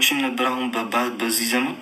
አይመችም ነበር። አሁን በዚህ ዘመን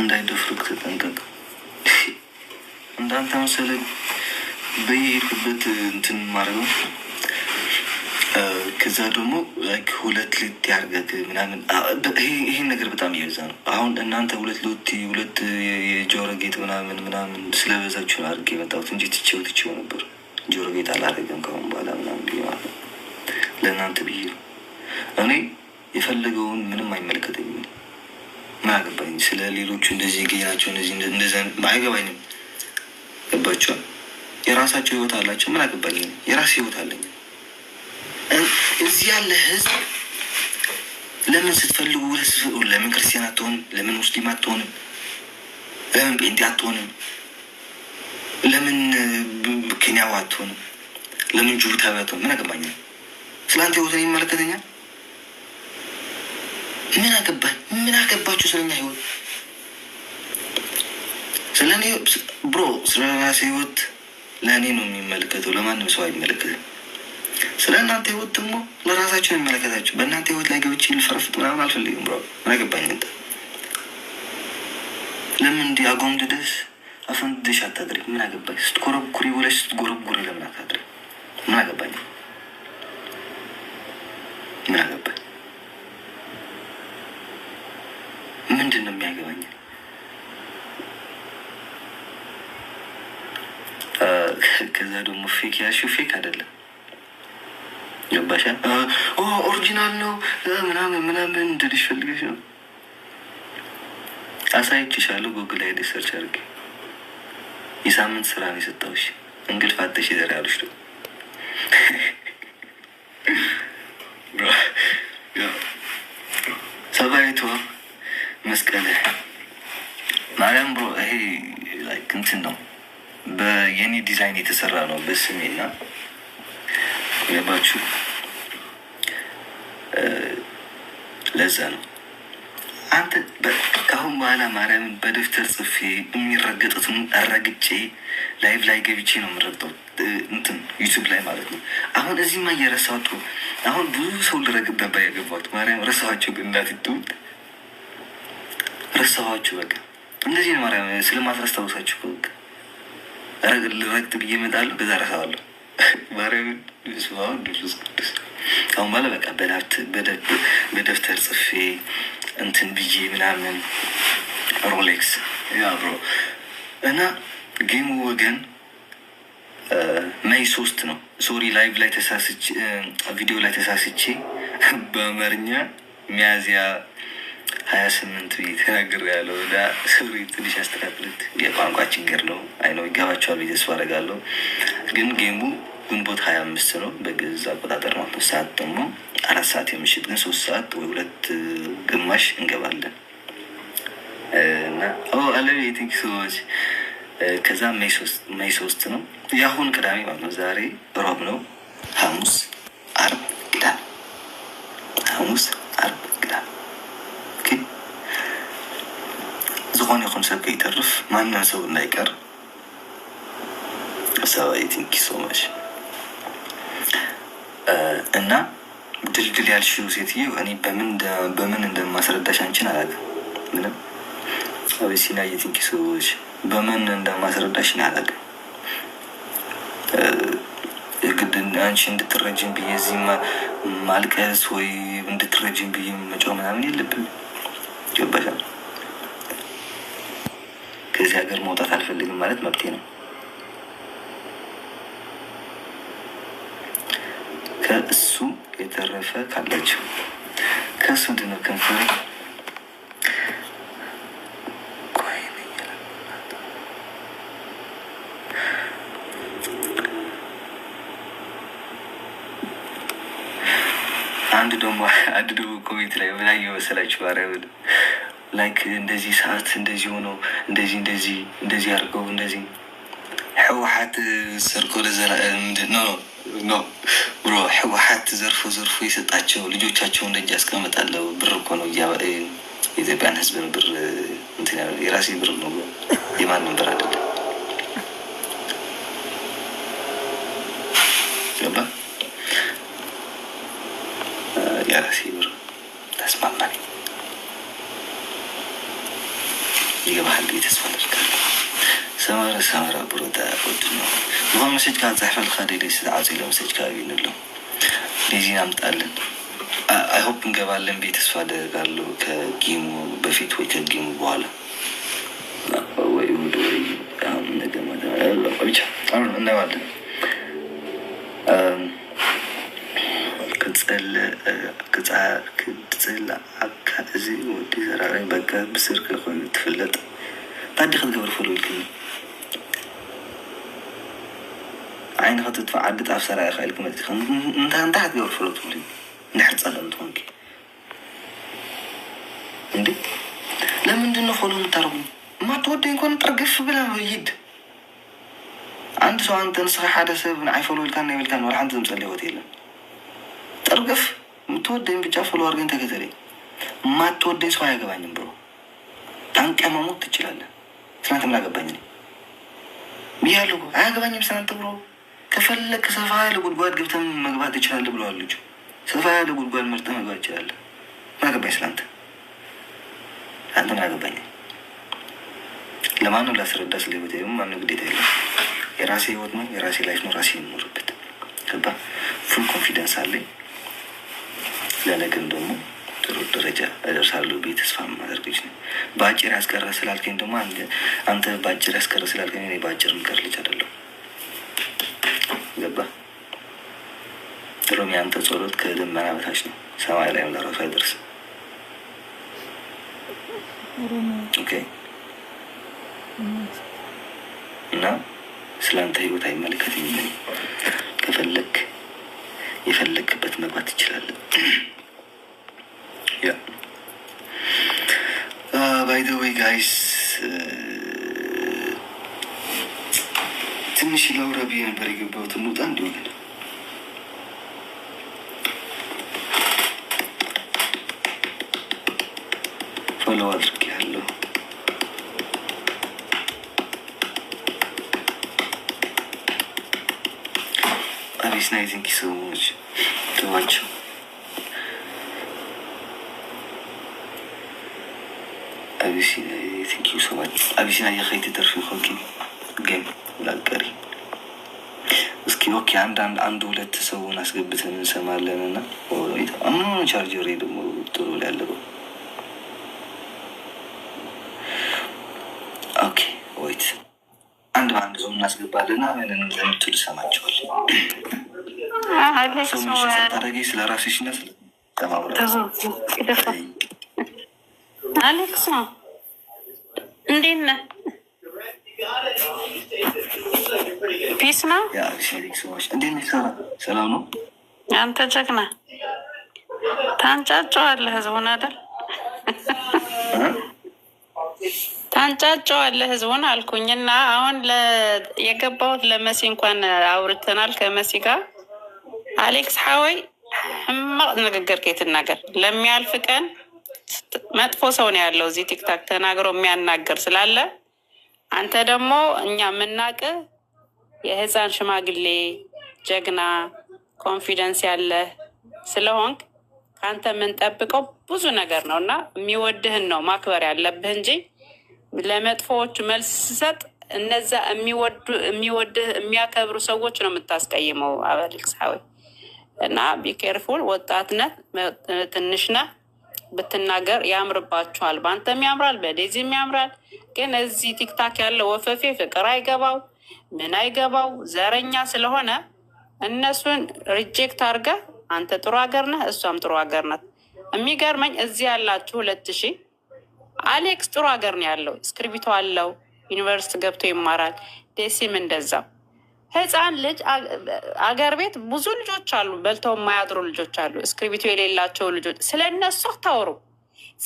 እንዳይደፍሩክ ተጠንቀቅ። እንዳንተ መሰለ በየሄድኩበት እንትን ማድረግ ነው። ከዛ ደግሞ ሁለት ልት ያርገት ምናምን ይህን ነገር በጣም እየበዛ ነው። አሁን እናንተ ሁለት ሎቲ ሁለት የጆሮ ጌጥ ምናምን ምናምን ስለበዛችሁ አድርጌ የመጣሁት እንጂ ትቼው ትቼው ነበር። ጆሮ ጌጥ አላረገም ከአሁን በኋላ ምናምን ብዬ ማለት ነው። ለእናንተ ብዬ ነው። እኔ የፈለገውን ምንም አይመለከተኝም። ምን አገባኝ ስለ ሌሎቹ እንደዚህ ገኛቸው እንደዚህ እንደዚህ አይገባኝም። ገባቸዋል። የራሳቸው ህይወት አላቸው። ምን አገባኝ? የራሴ ህይወት አለኝ። እዚህ ያለ ህዝብ ለምን ስትፈልጉ ለምን ክርስቲያን አትሆን? ለምን ሙስሊም አትሆንም? ለምን ጴንጤ አትሆንም? ለምን ኬንያው አትሆንም? ለምን ጅቡታዊ አትሆን ምን አገባኛል? ስለ አንተ ህይወት ይመለከተኛል? ምን አገባኝ? ምን አገባችሁ ስለኛ ህይወት? ስለኔ ብሮ ስለራሴ ህይወት ለእኔ ነው የሚመለከተው፣ ለማንም ሰው አይመለከትም። ስለ እናንተ ህይወት ደግሞ ለራሳቸው የሚመለከታቸው በእናንተ ህይወት ላይ ገብቼ ልፈረፍጥ ምናምን አልፈልግም። ብሮ አገባኝ ንጠ ለምን እንዲህ አጎምድደሽ አፈንድደሽ አታድሪ? ምን አገባኝ ስትኮረኩሪ ውለሽ ስትጎረጉሪ ለምን አታድሪ? ምን አገባኝ ምን አገባኝ? ምንድን ነው የሚያገባኝ? ከዛ ደግሞ ፌክ ያልሽው ፌክ አይደለም ገባሻል? ኦሪጂናል ነው ምናምን ምናምን እንድልሽ ፈልገሽ ነው። አሳይችሻለሁ። ጉግል ላይ ሰርች አድርጊ። የሳምንት ስራ ነው የሰጠሁሽ። እንግልፍ አጥተሽ ይዘር ያሉሽ ነው። ሰባይቱ መስቀል ማርያም ብሮ ይሄ እንትን ነው በየኔ ዲዛይን የተሰራ ነው በስሜና ገባችሁ? ለዛ ነው አንተ ከአሁን በኋላ ማርያምን በደፍተር ጽፌ የሚረገጡትን ረግጬ ላይቭ ላይ ገብቼ ነው የምረግጠው፣ እንትን ዩቱብ ላይ ማለት ነው። አሁን እዚህ ማ እየረሳጡ አሁን ብዙ ሰው ልረግበባ ያገባት ማርያም ረሳኋቸው፣ እናት ትውጥ ረሳኋቸው። በቃ እንደዚህ ነው ማርያም ስለማትረስታውሳቸው በቃ ልረግጥ ብዬ እመጣለሁ፣ ከዛ ረሳዋለሁ። ማርያምን ስማሁን ድሉስ ቅዱስ ካሁን በኋላ በቃ በዳብት በደብተር ጽፌ እንትን ብዬ ምናምን ሮሌክስ አብሮ እና ጌሙ ወገን መይ ሶስት ነው። ሶሪ ላይቭ ላይ ተሳስቼ ቪዲዮ ላይ ተሳስቼ በአማርኛ ሚያዝያ ሀያ ስምንት ብዬ ተናግር ያለው ዳ ሶሪ ትንሽ አስተካክሉት። የቋንቋ ችግር ነው አይነው ይገባቸዋል ብዬ ተስፋ አደርጋለሁ ግን ጌሙ ግንቦት ሀያ አምስት ነው በግዕዝ አቆጣጠር ማለት ነው። ሰዓት ደግሞ አራት ሰዓት የምሽት ግን ሶስት ሰዓት ወይ ሁለት ግማሽ እንገባለን እና አለም የቲንክ ሰዎች ከዛ ሜይ ሶስት ነው የአሁን ቅዳሜ ማለት ነው። ዛሬ ሮብ ነው። ሐሙስ አርብ ቅዳሜ ሐሙስ አርብ ቅዳሜ ዝኾነ ይኹን ሰብ ከይተርፍ ማንም ሰው እንዳይቀር ሰብኣይቲ ኪሶ ማሽ እና ድልድል ያልሽው ሴትዮ እኔ በምን እንደማስረዳሽ አንቺን አላውቅም። ምንም አቤሲና የትንኪ ሰዎች በምን እንደማስረዳሽ እኔ አላውቅም። ግድ አንቺ እንድትረጅም ብዬ እዚህ ማልቀስ ወይ እንድትረጅም ብዬ መጫው ምናምን የለብን ይገባሻል። ከዚህ ሀገር መውጣት አልፈልግም ማለት መብቴ ነው። ከእሱ የተረፈ ካላቸው ከእሱ ምንድነው ከንፈሬ አንድ ደግሞ አንድ ደግሞ ኮሜንት ላይ ምን እየመሰላችሁ አረብል ላይክ እንደዚህ ሰዓት እንደዚህ ሆኖ እንደዚህ እንደዚህ እንደዚህ አድርገው እንደዚህ ህወሓት ሰርኮ ለዘላ ምንድን ነው ነው ብሮ ህወሓት ዘርፎ ዘርፎ የሰጣቸው ልጆቻቸውን እጅ አስቀምጣለሁ ብር እኮ ነው የኢትዮጵያን ህዝብን ብር እንትን የራሴ ብር ነው የማንም ብር አይደለም። ሳፍራ ብሮታ ወድኖ ዝኾን መሴጅካ ንፃሕፈልካ ደደ ዝተዓፂሎ መሰጅካ እዩ ንብሎ ዴዚ ናምጣለን ኣይሆፕ እንገባለን ቤ ተስፋ ደጋሉ ከጊሙ በፊት ወይ ከጊሙ በኋላ ወይ እሑድ ወይ ነገማብቻ እናይዋለን ክፅህል ዓካ እዚ ወዲ ዘራራይ በቃ ብስርኪ ኮይኑ ትፍለጥ ታዲ ክትገብር ፈለልክኒ ብዓይኒ ክትጥፋ ዓዲ ጣፍ ሰራይ ክእል ክመፅ ኢኸ እንታይ ክትገብር ፈሎ ትብል እንድሕር ፀለም ትኾንኪ እንዲ ለምንድን ነው ምታርጉ እማ ኮን ጥርግፍ ብላ ይድ አንድ ሰው አንተ ንስኻ ሓደ ሰብ ንዓይፈሎ ኢልካን ናይ ብልካን ወላ ሓንቲ ዘምፀለ ህወት የለን ጥርግፍ ምትወደይን ብጫ ፈሎ ኣርገን ተገተለ እማ ሰው ኣያገባኝም ብሎ ጣንቀ መሞት ትችላለን ስናትም ላገባኝ እኔ ብያለሁ ስናንተ ብሎ ከፈለክ ሰፋ ያለ ጉድጓድ ገብተን መግባት ይችላል ብለዋል ልጁ። ሰፋ ያለ ጉድጓድ መርጠ መግባት ይችላል። ማገባኝ አገባኝ ስላንተ፣ አንተ ምን አገባኝ? ለማንም ላስረዳ ስለ ህይወት ደግሞ ማንም ግዴታ የለ። የራሴ ህይወት ነው፣ የራሴ ላይፍ ነው፣ ራሴ የምኖርበት ገባ። ፉል ኮንፊደንስ አለኝ። ለነገም ደግሞ ጥሩ ደረጃ እደርሳለሁ ብዬ ተስፋ ማድረግ ነው። በአጭር ያስቀረ ስላልከኝ ደግሞ አንተ በአጭር ያስቀረ ስላልከኝ በአጭር ምቀር ልጅ አይደለሁም። የሚቀጥለውም ያንተ ጸሎት ከደመና በታች ነው፣ ሰማይ ላይም ለራሱ አይደርስም። እና ስለአንተ አንተ ህይወት አይመለከተኝም። ከፈለግ የፈለግበት መግባት ትችላለን። ባይ ዘ ወይ ጋይስ ትንሽ ለውረብ ብዬ ነበር የገባሁት። እንውጣ እንዲሆነ ነው አድርግ ያለው አዲስ ናይቲንግ ሰዎች ተዋቸው። አቢሲናየ ከይትደርፊ ኮኪ ግን ላቀሪ እስኪ ኦኬ፣ አንድ አንድ ሁለት ሰውን አስገብተን እንሰማለን እና ምን ቻርጀሬ ደግሞ ጥሩ ላይ ያለበው አንዱ አንድ ሰው እናስገባለና ምንን እንደምትል ይሰማቸዋል። ሰታደረጊ ስለ ራሴ ሽነት አሌክስ ነው። እንዴት ነህ? ፒስ ነው። ሰላም ነው። አንተ ጀግና ታንጫጫዋለህ ህዝቡን አይደል? አለ ህዝቡን አልኩኝ እና አሁን የገባሁት ለመሲ እንኳን አውርተናል። ከመሲ ጋር አሌክስ ሀወይ ሕማቅ ንግግር ከትናገር ለሚያልፍ ቀን መጥፎ ሰው ነው ያለው እዚህ ቲክታክ ተናግሮ የሚያናገር ስላለ አንተ ደግሞ እኛ የምናቅ የህፃን ሽማግሌ ጀግና ኮንፊደንስ ያለ ስለሆንክ ከአንተ የምንጠብቀው ብዙ ነገር ነው እና የሚወድህን ነው ማክበር ያለብህ እንጂ ለመጥፎዎች መልስ ስሰጥ እነዛ የሚወድህ የሚያከብሩ ሰዎች ነው የምታስቀይመው። አበልክስ እና ቢኬርፉል ወጣትነት ትንሽነት ብትናገር ያምርባችኋል። በአንተም ያምራል፣ በዴዚም ያምራል። ግን እዚህ ቲክታክ ያለው ወፈፌ ፍቅር አይገባው ምን አይገባው ዘረኛ ስለሆነ እነሱን ሪጀክት አድርገህ አንተ ጥሩ ሀገር ነህ፣ እሷም ጥሩ ሀገር ናት። የሚገርመኝ እዚህ ያላችሁ ሁለት ሺህ አሌክስ ጥሩ ሀገር ነው ያለው። እስክርቢቶ አለው። ዩኒቨርሲቲ ገብቶ ይማራል። ደሲም እንደዛ ህፃን ልጅ አገር ቤት ብዙ ልጆች አሉ፣ በልተው የማያድሩ ልጆች አሉ፣ እስክርቢቶ የሌላቸው ልጆች። ስለ እነሱ አታወሩ።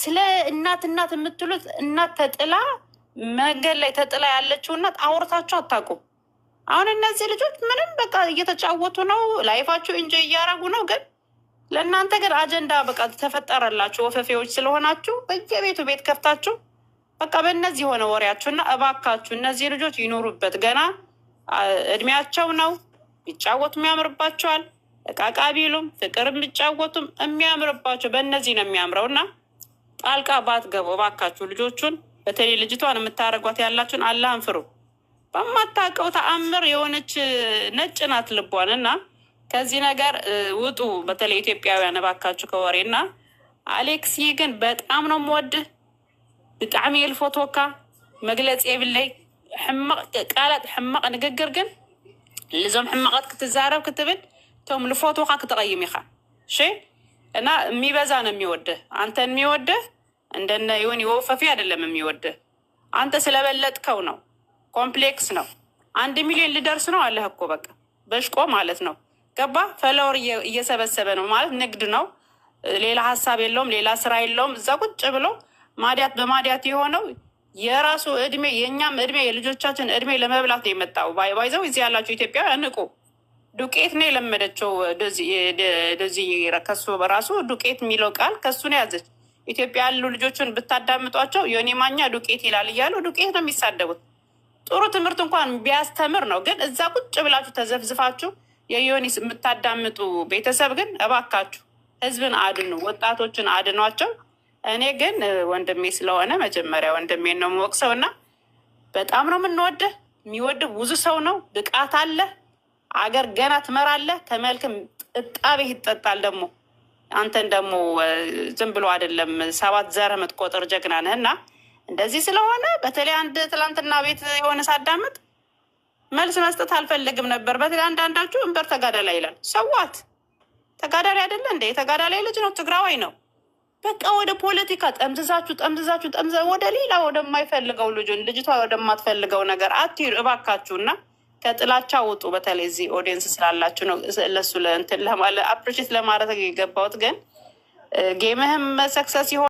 ስለ እናት እናት የምትሉት እናት ተጥላ መንገድ ላይ ተጥላ ያለችው እናት አውርታችሁ አታውቁም። አሁን እነዚህ ልጆች ምንም በቃ እየተጫወቱ ነው፣ ላይፋቸው እንጆ እያረጉ ነው ግን ለእናንተ ግን አጀንዳ በቃ ተፈጠረላችሁ። ወፈፌዎች ስለሆናችሁ በየቤቱ ቤት ከፍታችሁ በቃ በእነዚህ የሆነ ወሬያችሁ እና እባካችሁ እነዚህ ልጆች ይኖሩበት ገና እድሜያቸው ነው። ቢጫወቱም ያምርባቸዋል። እቃቃ ቢሉም ፍቅር ቢጫወቱም የሚያምርባቸው በእነዚህ ነው የሚያምረው እና ጣልቃ ባትገቡ እባካችሁ ልጆቹን በተለይ ልጅቷን የምታደርጓት ያላችሁን አላህን ፍሩ። በማታውቀው ተአምር የሆነች ነጭ ናት ልቧን እና ከዚህ ነገር ውጡ። በተለይ ኢትዮጵያውያን እባካችሁ ከወሬ እና ይህ ግን በጣም ነው ምወድ ብጣዕሚ የልፎቶካ መግለፂ የብለይ ሕማቅ ቃላት ሕማቅ ንግግር ግን ልዞም ሕማቃት ክትዛረብ ክትብል እቶም ልፎቶካ ክትቀይም ኢኻ ሽ እና የሚበዛ ነው የሚወድ አንተ የሚወድ እንደነ ይሁን ይወፈፊ አይደለም የሚወድ አንተ ስለበለጥከው ነው። ኮምፕሌክስ ነው። አንድ ሚሊዮን ልደርስ ነው አለህ እኮ በቃ በሽቆ ማለት ነው። ገባ ፈለወር እየሰበሰበ ነው ማለት ንግድ ነው። ሌላ ሀሳብ የለውም፣ ሌላ ስራ የለውም። እዛ ቁጭ ብሎ ማዲያት በማዲያት የሆነው የራሱ እድሜ የእኛም እድሜ የልጆቻችን እድሜ ለመብላት ነው የመጣው። ባይዘው እዚህ ያላቸው ኢትዮጵያ ንቁ። ዱቄት ነው የለመደችው። ዶዚህ ከሱ በራሱ ዱቄት የሚለው ቃል ከሱ ነው ያዘች። ኢትዮጵያ ያሉ ልጆችን ብታዳምጧቸው የኔ ማኛ ዱቄት ይላል እያሉ ዱቄት ነው የሚሳደቡት። ጥሩ ትምህርት እንኳን ቢያስተምር ነው ግን እዛ ቁጭ ብላችሁ ተዘፍዝፋችሁ የዮኒስ የምታዳምጡ ቤተሰብ ግን እባካችሁ ህዝብን አድኑ፣ ወጣቶችን አድኗቸው። እኔ ግን ወንድሜ ስለሆነ መጀመሪያ ወንድሜ ነው የምወቅሰው እና በጣም ነው የምንወድህ። የሚወድህ ብዙ ሰው ነው፣ ብቃት አለ፣ አገር ገና ትመራለህ። ከመልክም እጣቤ ይጠጣል። ደግሞ አንተን ደግሞ ዝም ብሎ አይደለም ሰባት ዘር የምትቆጥር ጀግና ነህ እና እንደዚህ ስለሆነ በተለይ አንድ ትላንትና ቤት የሆነ ሳዳምጥ መልስ መስጠት አልፈልግም ነበር። በተለይ አንዳንዳችሁ እንበር ተጋዳላይ ይላል። ሰዋት ተጋዳሪ አይደለ እንደ የተጋዳላይ ልጅ ነው፣ ትግራዋይ ነው። በቃ ወደ ፖለቲካ ጠምዝዛችሁ ጠምዝዛችሁ ጠምዘ ወደ ሌላ ወደማይፈልገው ልጁን ልጅቷ ወደማትፈልገው ነገር አትሂዱ እባካችሁ እና ከጥላቻ ውጡ። በተለይ እዚህ ኦዲየንስ ስላላችሁ ነው ለሱ ለእንትን ለማለ አፕሪሼት ለማድረግ የገባሁት ግን ጌምህም ሰክሰስ ይሆን